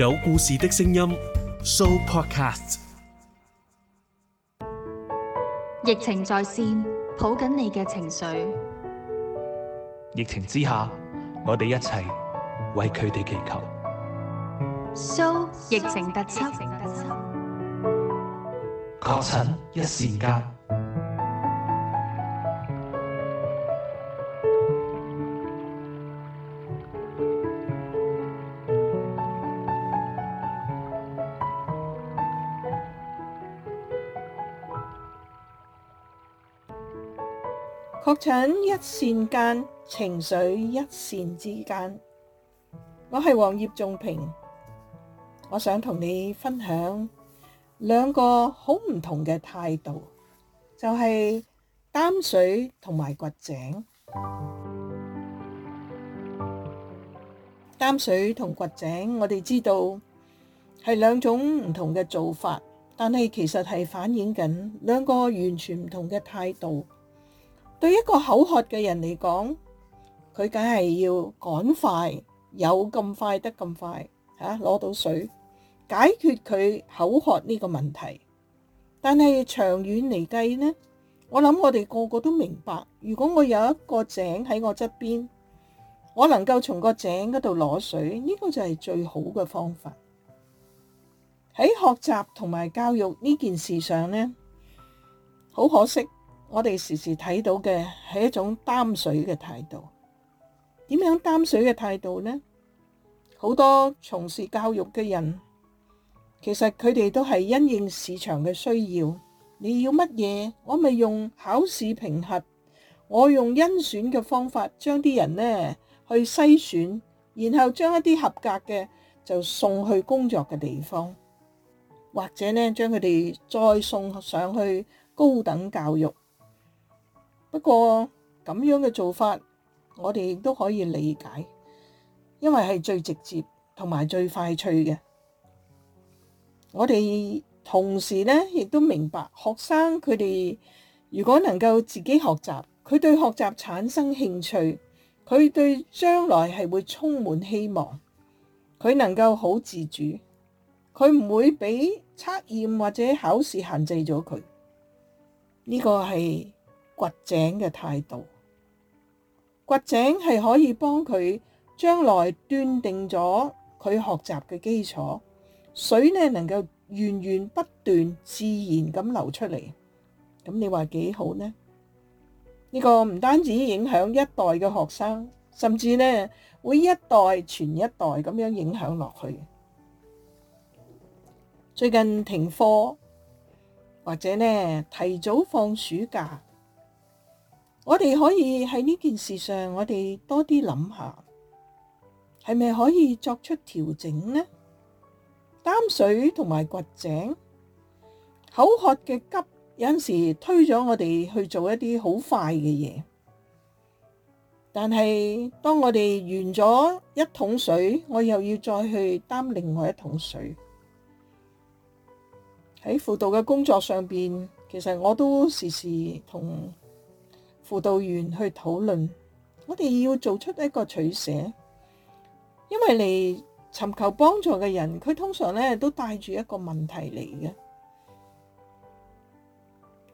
有故事的聲音，So Podcast。疫情在線，抱緊你嘅情緒。疫情之下，我哋一齊為佢哋祈求。So 疫情特輯，確診一線間。確診一線間，情緒一線之間。我係黃葉仲平，我想同你分享兩個好唔同嘅態度，就係擔水同埋掘井。擔水同掘井，我哋知道係兩種唔同嘅做法，但係其實係反映緊兩個完全唔同嘅態度。對一個口渴嘅人嚟講，佢梗係要趕快，有咁快得咁快嚇，攞到水解決佢口渴呢個問題。但係長遠嚟計呢，我諗我哋個個都明白，如果我有一個井喺我側邊，我能夠從個井嗰度攞水，呢個就係最好嘅方法。喺學習同埋教育呢件事上呢，好可惜。我哋時時睇到嘅係一種擔水嘅態度。點樣擔水嘅態度呢？好多從事教育嘅人，其實佢哋都係因應市場嘅需要。你要乜嘢，我咪用考試評核，我用甄選嘅方法將啲人呢去篩選，然後將一啲合格嘅就送去工作嘅地方，或者呢將佢哋再送上去高等教育。不過咁樣嘅做法，我哋亦都可以理解，因為係最直接同埋最快脆嘅。我哋同時呢，亦都明白學生佢哋如果能夠自己學習，佢對學習產生興趣，佢對將來係會充滿希望。佢能夠好自主，佢唔會俾測驗或者考試限制咗佢。呢個係。掘井嘅態度，掘井係可以幫佢將來斷定咗佢學習嘅基礎水呢，能夠源源不斷，自然咁流出嚟，咁你話幾好呢？呢個唔單止影響一代嘅學生，甚至呢會一代傳一代咁樣影響落去。最近停課或者呢提早放暑假我哋可以喺呢件事上，我哋多啲諗下，係咪可以作出調整呢？擔水同埋掘井，口渴嘅急有陣時推咗我哋去做一啲好快嘅嘢，但係當我哋完咗一桶水，我又要再去擔另外一桶水。喺輔導嘅工作上邊，其實我都時時同輔導員去討論，我哋要做出一個取捨。因為嚟尋求幫助嘅人，佢通常咧都帶住一個問題嚟嘅。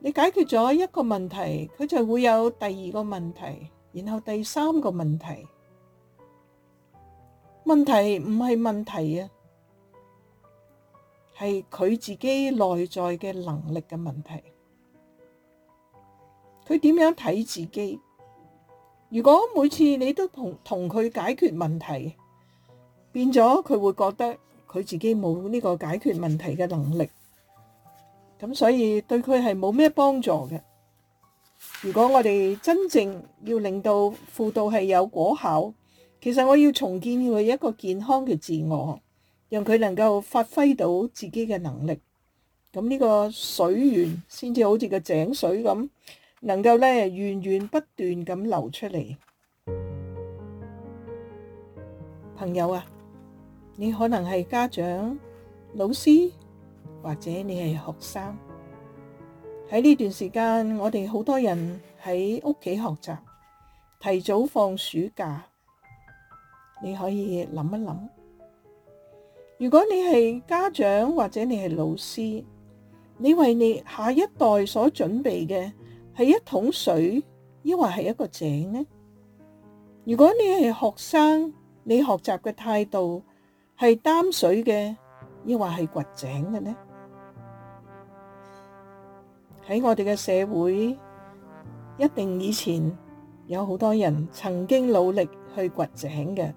你解決咗一個問題，佢就會有第二個問題，然後第三個問題。問題唔係問題啊，係佢自己內在嘅能力嘅問題。佢點樣睇自己？如果每次你都同同佢解決問題，變咗佢會覺得佢自己冇呢個解決問題嘅能力，咁所以對佢係冇咩幫助嘅。如果我哋真正要令到輔導係有果效，其實我要重建佢一個健康嘅自我，讓佢能夠發揮到自己嘅能力。咁呢個水源先至好似個井水咁，能夠源源不斷咁流出嚟，朋友啊，你可能係家長、老師，或者你係學生。喺呢段時間，我哋好多人喺屋企學習，提早放暑假。你可以諗一諗，如果你係家長，或者你係老師，你為你下一代所準備嘅。係一桶水，抑或係一個井呢？如果你係學生，你學習嘅態度係擔水嘅，抑或係掘井嘅呢？喺我哋嘅社會，一定以前有好多人曾經努力去掘井嘅，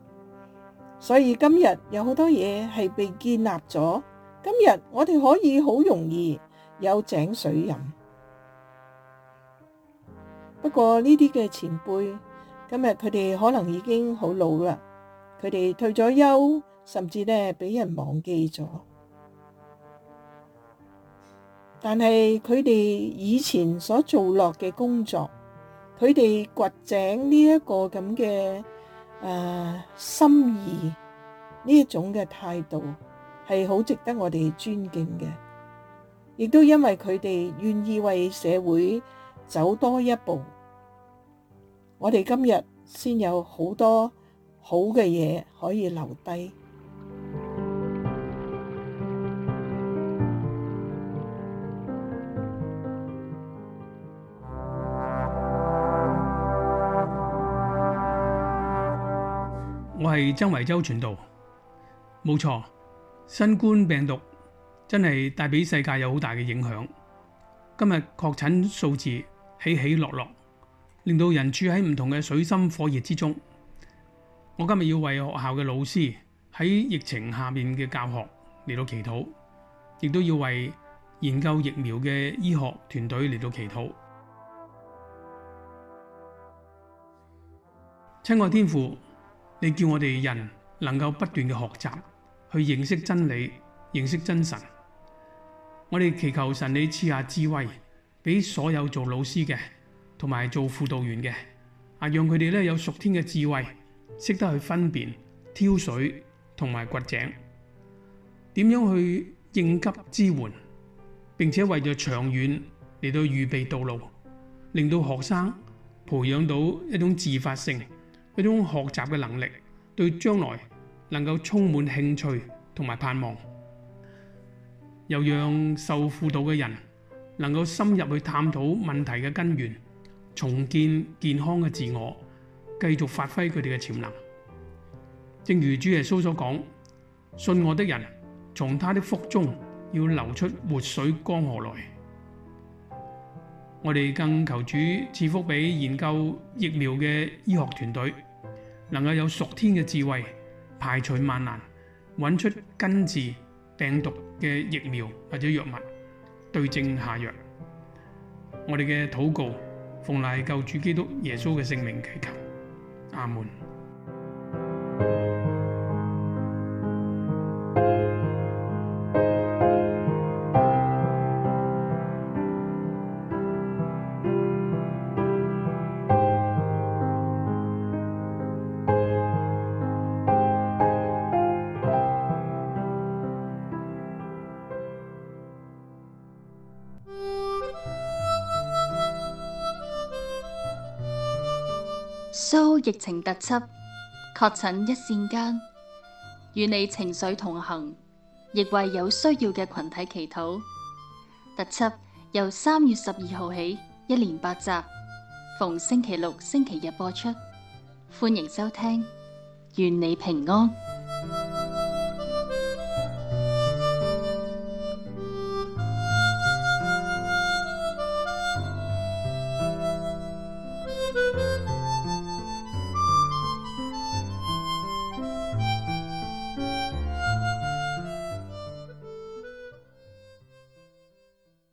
所以今日有好多嘢係被建立咗。今日我哋可以好容易有井水飲。不過呢啲嘅前輩，今日佢哋可能已經好老啦，佢哋退咗休，甚至呢俾人忘記咗。但係佢哋以前所做落嘅工作，佢哋掘井呢一個咁嘅誒心意，呢一種嘅態度係好值得我哋尊敬嘅，亦都因為佢哋願意為社會，走多一步，我哋今日先有好多好嘅嘢可以留低。我係曾維洲傳道，冇錯。新冠病毒真係帶俾世界有好大嘅影響。今日確診數字，起起落落，令到人住喺唔同嘅水深火熱之中。我今日要為學校嘅老師喺疫情下面嘅教學嚟到祈禱，亦都要為研究疫苗嘅醫學團隊嚟到祈禱。親愛天父，你叫我哋人能夠不斷嘅學習，去認識真理，認識真神。我哋祈求神你賜下智慧。俾所有做老師嘅同埋做輔導員嘅啊，讓佢哋咧有屬天嘅智慧，識得去分辨挑水同埋掘井，點樣去應急支援，並且為咗長遠嚟到預備道路，令到學生培養到一種自發性、一種學習嘅能力，對將來能夠充滿興趣同埋盼望，又讓受輔導嘅人。能夠深入去探討問題嘅根源，重建健康嘅自我，繼續發揮佢哋嘅潛能。正如主耶穌所講：「信我的人，從他的腹中要流出活水江河來。」我哋更求主賜福俾研究疫苗嘅醫學團隊，能夠有屬天嘅智慧，排除萬難，揾出根治病毒嘅疫苗或者藥物。對症下藥，我哋嘅禱告，奉賴救主基督耶穌嘅聖名祈求，阿門。遭疫情突襲，確診一線間，與你情緒同行，亦為有需要嘅群體祈禱。特輯由三月十二號起，一連八集，逢星期六、星期日播出，歡迎收聽，願你平安。